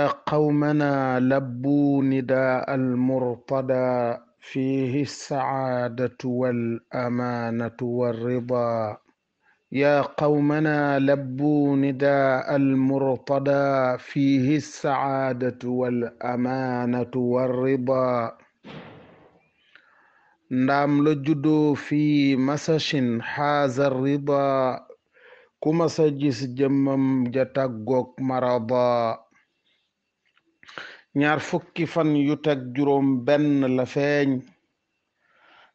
يا قومنا لبوا نداء المرتضى فيه السعادة والأمانة والرضا يا قومنا لبوا نداء المرتضى فيه السعادة والأمانة والرضا ndam la juddoo fii masashin xaaza rida ku masa gis jëmmam ja tàggoog marada ñaar fukki fan yu teg juróom benn la feeñ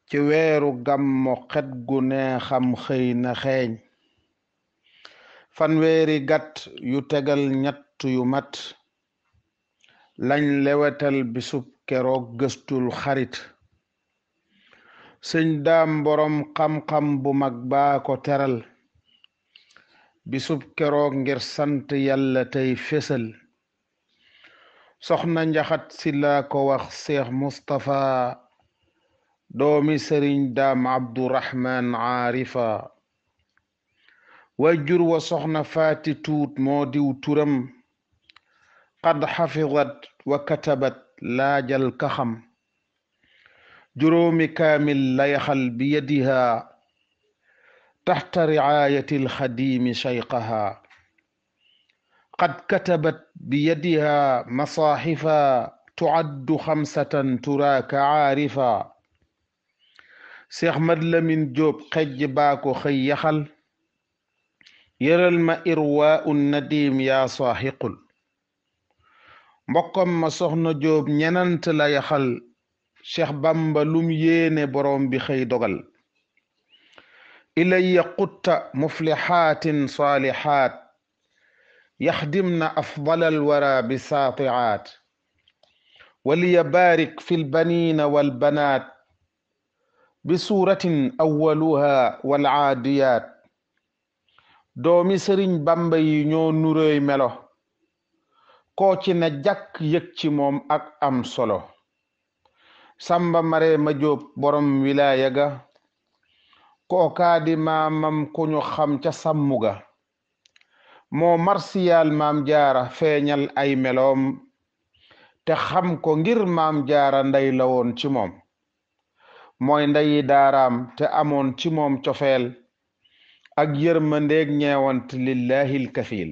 ci weeru gàmmo xet gu neexam xëy na xeeñ fanweeri gàtt yu tegal ñett yu mat lañ lewetal bisub keroog gëstul xarit sëñ daam boroom xam-xam bu mag baa ko teral bisub keroog ngir sant yàlla tey fésal soxna njaxat silla ko wax seex mustapha doomi sëriñ daam abdurahman aarifa wajjur wa soxna faati tuut moo diw turam qad xafidat wa katabat laajal ka xam juróomi kaamil la yaxal biyadiha taxta riaayati alxadiimi cheyqaha qad katabat bi yadiha masaaxifa tucaddu xamsatan turaaka caarifa Cheikh Mad Lamin Jóob xejj baa yaxal yëral ma irwaau nadim yaa saaxiqul mbokkam ma soxna Jóob ñenant la yaxal Cheikh Bamba lum yéene boroom bi xëy dogal ilayya qutta muflixaatin saalixaat na يخدمنا أفضل الورى بساطعات وليبارك في البنين والبنات بسورة أولها والعاديات doomi sëriñ bamba yi ñoo nuróoy melo koo ci na jàkk yëg ci moom ak am solo samba mare ma jóob borom wilaaya ga kookaa di maamam ku ñu xam ca sàmmuga moo marsiyaal maam jaara feeñal ay meloom te xam ko ngir maam jaara ndey la woon mooy ndeyi daaraam te amoon ci moom cofeel ak yërmandeeg ñeewant lillahi lkafil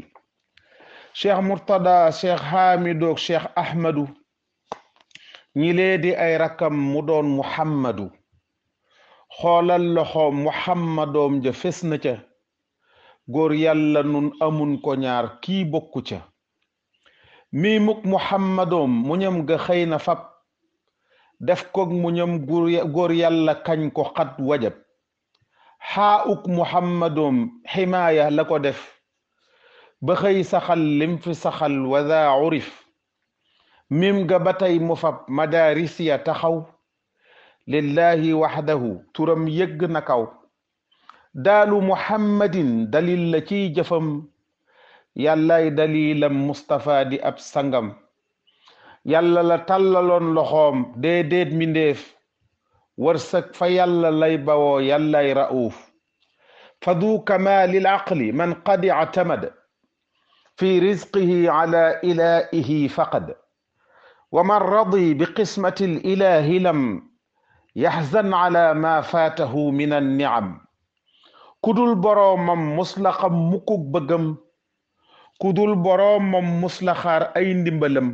cheikh murtada cheikh haamidoog cheikh ahmadu ñi di ay rakkam mu doon muhammadu xoolal loxoom muhammadoom ja fes na ca góor yàlla nun amun ko ñaar kii bokku ca mii muk muhammadoom mu ñam ga xëy na fab def ko mu ñam góor yàlla kañ ko xat wajab xaa uk muhammadoom ximaaya la ko def ba xëy saxal lim fi saxal wada urif mim ga ba tey mu fab madaris ya taxaw lillahi waxdahu turam yëgg na kaw daalu muhammadin dalil la ciy jëfam yàllaay dalilam mustapha di ab sangam yàlla la tàllaloon loxoom déedéet mbindeef wërsëg fa yàlla lay bawoo yàllaay ra'uuf fa du kamaalil aqli man qadi'a tamad fi rizqihi ala ilaahihi faqad wa man radi bi qismatil ilaahi lam yaxzan ala ma faatahu min an ni'am kudul boroomam muslaxam mukkuk bëggam kudul boroomam muslaxaar ay ndimbalam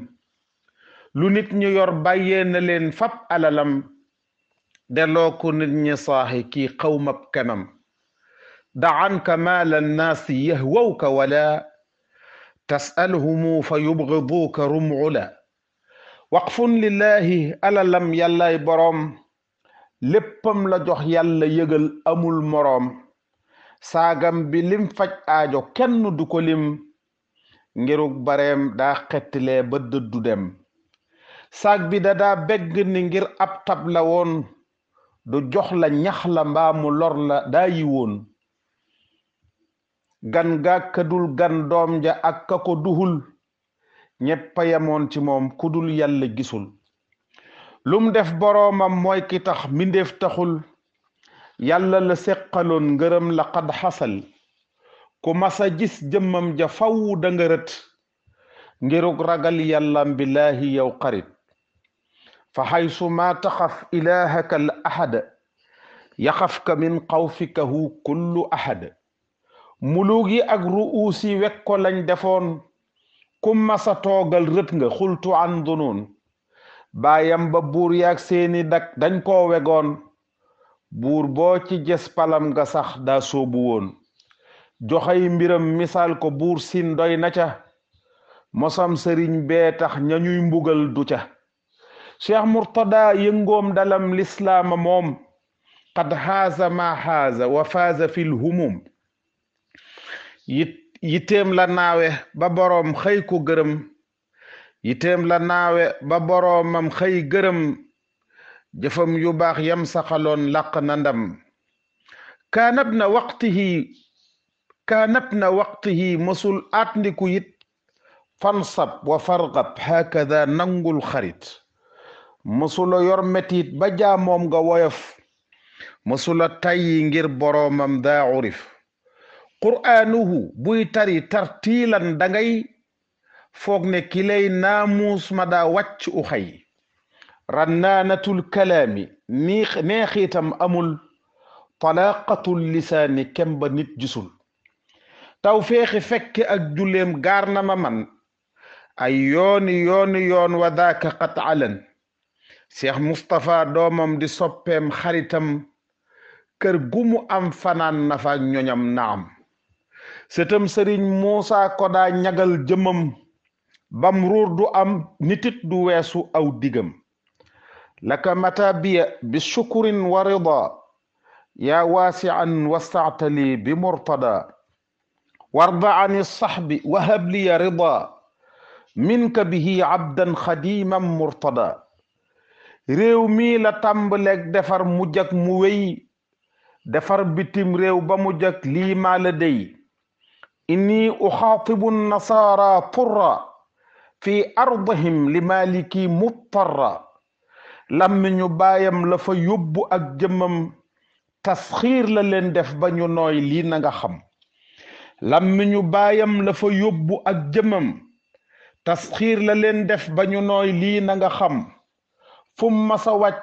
lu nit ñu yor bàyyee na leen fab alalam delloo ko nit ñi saaxi kii xawmab kanam daanka maala nnaasi yahwawka wala tasalhumu fa yubgiduuka rumula waqfun lillahi alalam yàllaay boroom léppam la jox yàlla yëgal amul moroom saagam bi lim faj aajo kenn du ko lim ngirug bareem daa xettilee ba dëddu dem saag bi da daa ni ngir ab tab la woon du jox la ñax la mbaa mu lor la daa yi woon gan gan doom ja ak ka ko duhul ñeppa yamoon ci moom ku dul yàlla gisul lum def boroomam mooy ki tax mi mbindeef taxul yàlla la seqaloon ngërëm la xad xasal ku masa jis jëmmam ja faw da nga ragal yàllam billaahi yow xarit fa xaysu maa taxaf ilaahaka al ahada yaxafka min xawfikahu kullu ahada muluug yi ak ru'uus yi ko lañ defoon ku masa toogal rët nga xultu an dunuun ba buur yaag seeni dakk dañ koo wegoon buur boo ci jës palam nga sax daa soobu woon joxay mbiram misaal ko buur siin doy na ca mosam sëriñ bee tax ñañuy mbugal du ca cheikh murtada yëngoom dalam lislaama moom qad xaaza ma xaaza wa faaza fil humum yitteem la naawe ba boroom xëy ko gërëm yitteem la naawe ba boroomam xëy gërëm jëfam yu baax yam saxaloon làq na ndam kaanab na waqtihi kaanab na waqtihi mësul aatndiku fan fansab wa fargab hakada nangul xarit mësulo yor metit ba jaamoom ga woyof mësula tayyi ngir boroomam daa urif quraanuhu buy tari tartiilan dangay foog ne kilay naamuus ma daa wàcc u xay rannaanatul kalaami nii neexiitam amul talaaqatul lisaani kemba nit gisul taw feexi fekke ak juleem gaar ma man ay yooni yooni yoon wa daaka alan cheikh moustapha doomam di soppeem xaritam kër gu mu am fanaan na fa ñoñam naam sëtam sëriñ muusa ko daa ñagal jëmam bam ruur du am nitit du weesu aw digam laka matabiya bi shukurin wa rida yaa waasian wastaatali bi murtada warda ani saxbi wa habliya rida minka bihi abdan xadiman murtada réew mii la tàmbaleeg defar mujj ak mu wéy defar bitim réew ba mujj ak lii maa la dey inni uxaatibu nasaara turra fi ardihim li maliki muttarra làmmiñu baayam la fa yóbbu ak jëmam tasxiir la leen def ba ñu nooy nga xam làmmiñu baayam la fa yóbbu ak jëmam tasxiir la leen def ba ñu nooy lii na xam fu masa wàcc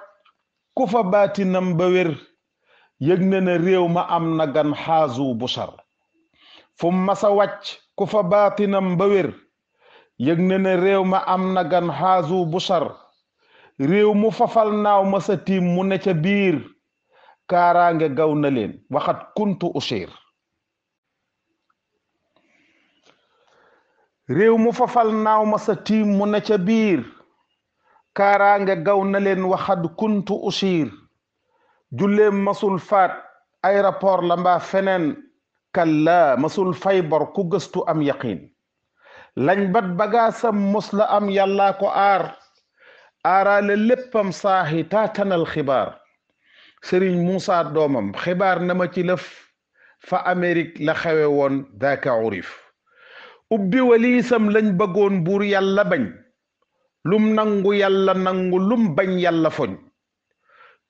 ku fa baatinam ba wér yëg na ne réew ma am na gan xaazu bushar fu masa wàcc ku fa baatinam ba wér yëg na ne réew ma am na gan xaazu bushar réew mu fafal naaw ma sa tiim mu ne kaaraange gaw na leen waxat kuntu usir réew mu fafal naaw ma sa tiim mu ne ca biir kaaraange gaw na leen waxat kuntu usir julleem masul faat aéroport la mbaa feneen kalla masul fay bor ku gëstu am yaqiin lañ bat bagaasam mos la am yàllaa ko aar aaraale léppam saaxi taatanal xibaar sëriñ Moussa doomam xibaar na ma ci lëf fa Amérique la xewe woon daaka urif ubbi waliisam lañ bëggoon buur yàlla bañ lum nangu yàlla nangu lum bañ yàlla foñ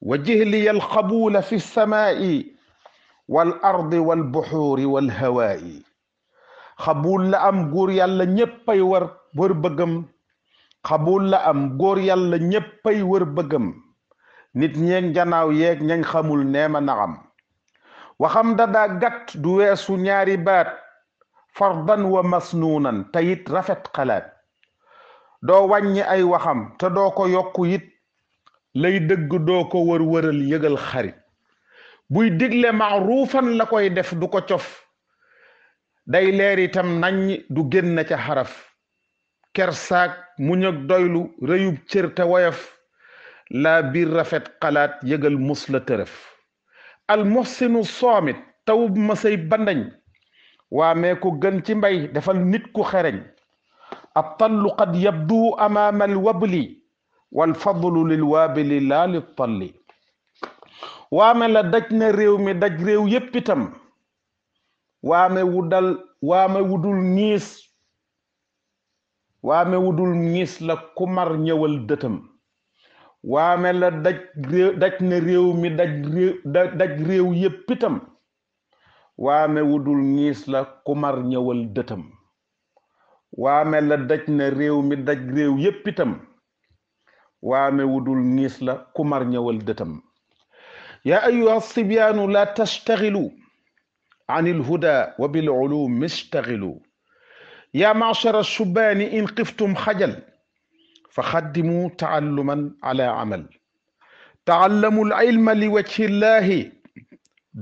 wa jihliya alqabuula fi lsamaa'i wal ardi wal buxuuri wal hawaa'i xabuul la am guur yàlla ñéppay war wër bëggam xabul la am góor yàlla ñéppay wër bëggam nit ñeeg janaaw yeeg ñañ xamul neema naxam waxam dadaa gàtt du weesu ñaari baat fardan wa masnuunan te it rafet xalaat doo wàññi ay waxam te doo ko yokku it lay dëgg doo ko wër wëral yëgal xarit buy digle maaruufan la koy def du ko cof day leer itam nañ du génn ca xaraf kersaak muñ ak doylu rëyub cër woyof laa biir rafet xalaat yëgal mus la tërëf almuhsinu soomit tawub ma say bandañ waa mee gën ci mbay defal nit ku xereñ ab tallu qad yabdu amaama alwabli walfadlu lilwaabili laa liltalli waame la daj na réew mi daj réew yépp waame wu waame wu niis waame wudul ñiis la ku mar ñëwal dëtam waame la daj réew daj na réew mi daj réew daj réew yépp waame wudul ñiis la ku mar waa dëtam waame la daj na réew mi daj réew yépp itam waame wudul ñiis la ku mar ñëwal dëtam yaa la tastaxilu an il wa bil ulum istaxilu yaa machara subaani in xiftum xajal fa xaddimu taalluman ala amal taallamu l ilma li wajhi llahi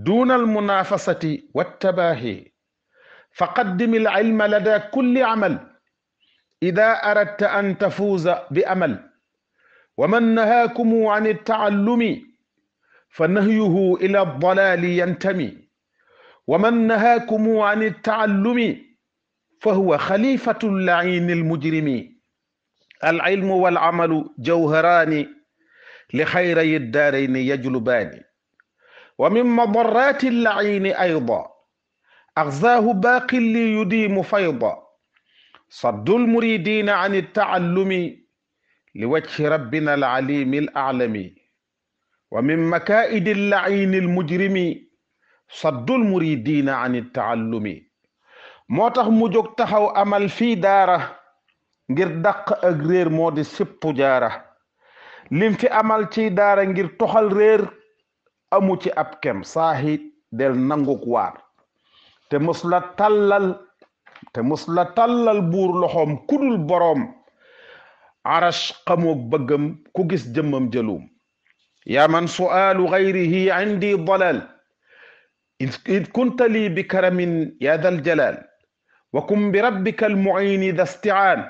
duuna al munafasati wattabaahi fa qaddim al ilma lada kulli amal ida aradta an tafuuza bi amal wa man nahaakumu an attaallumi fa nahyuhu ila addalaali yantami wa man nahaakumu an attaallumi fa huwa xalifatu llaini almujrimi alilmu walamalu jawharaani li xayrayi daarayni yajlubaani wa min madarati llaini ayda axzaahu baaqin li yudiimu fayda saddu lmuridina an ittaallumi li wajhi rabbina alalimi alaalami wa min makaidi llaini almujrimi saddu lmuridina an ittaallumi moo tax mu jóg taxaw amal fii daara ngir daq ak réer moo di sippu jaara lim fi amal ci daara ngir toxal réer amu ci ab kem saaxi del nanguk waar te mos la tàllal te mos tàllal buur loxoom kudul boroom arash xamoog bëggam ku gis jëmmam jëluum yaa man su'aalu gayrihi indi dalal id kunta lii bi karamin yaa dal jalaal وكن بربك المعين ذا استعان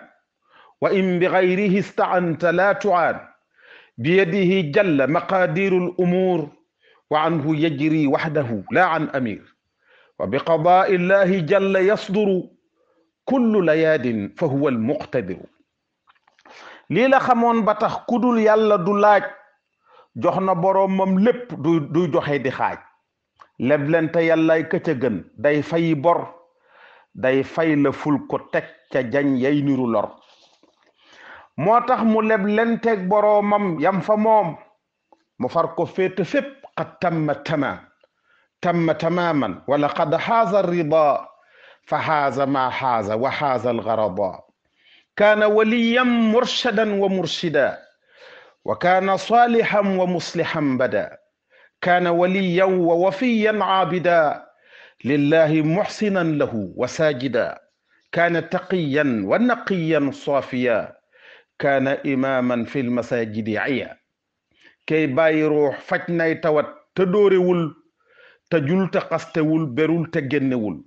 وإن بغيره استعنت لا تعان بيده جل مقادير الأمور وعنه يجري وحده لا عن أمير وبقضاء الله جل يصدر كل لياد فهو المقتدر lii la xamoon ba tax ku dul yàlla du laaj jox na boroomam lépp du du joxe di xaaj leblente yàllaay këcc a gën day fay bor day fay la ful ko teg ca jañ yay niru lor moo tax mu leb lenteeg boroomam yam fa moom mu far ko féete fépp qad tamma tamaam tamma tamaaman wala qad xaaza rida fa xaaza maa xaaza wa xaaza algarada kaana waliyan murshadan wa murshida wa kaana saalixan wa muslixan bada kaana waliyan wa wafiyan caabida lillahi muxsinan lahu wa saajida kaana taqiyan wa naqiyan saafiya kaana imaaman fi lmasaajidi aya kay bàyyi ruux faj nay tawat te dóorewul te jul te xastewul berul te génnewul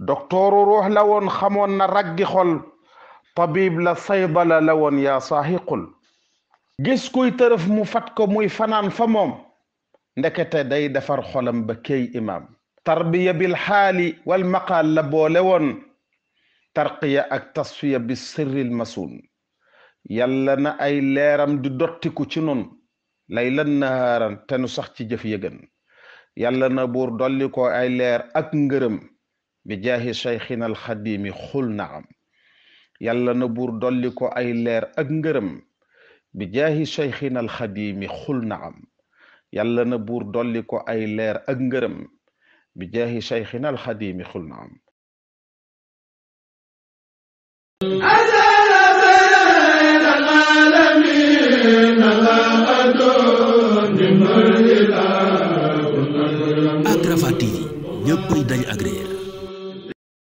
doktooru ruux la woon xamoon na raggi xol tabib la saydala la woon yaa saaxiqul gis kuy tërëf mu fat ko muy fanaan fa moom ndekete day defar xolam ba key imaam tarbiya bil xaali wal maqaal la boole woon tarqiya ak tasfiya bi sirril masuun yàlla na ay leeram di dottiku ci nun laylan nahaaran te nu sax ci jëf yëgën na buur dolli ko ay leer ak ngërëm bi jaahi cheykhina alxadimi xul naam yàlla na buur dolli ko ay leer ak ngërëm bi jaahi cheykhina alxadimi xul am yalla na buur dolli ko ay leer ak ngërëm bi jaahi shaykhina alxadimi xul na am ak Rafah TV ñëppay dañ agréé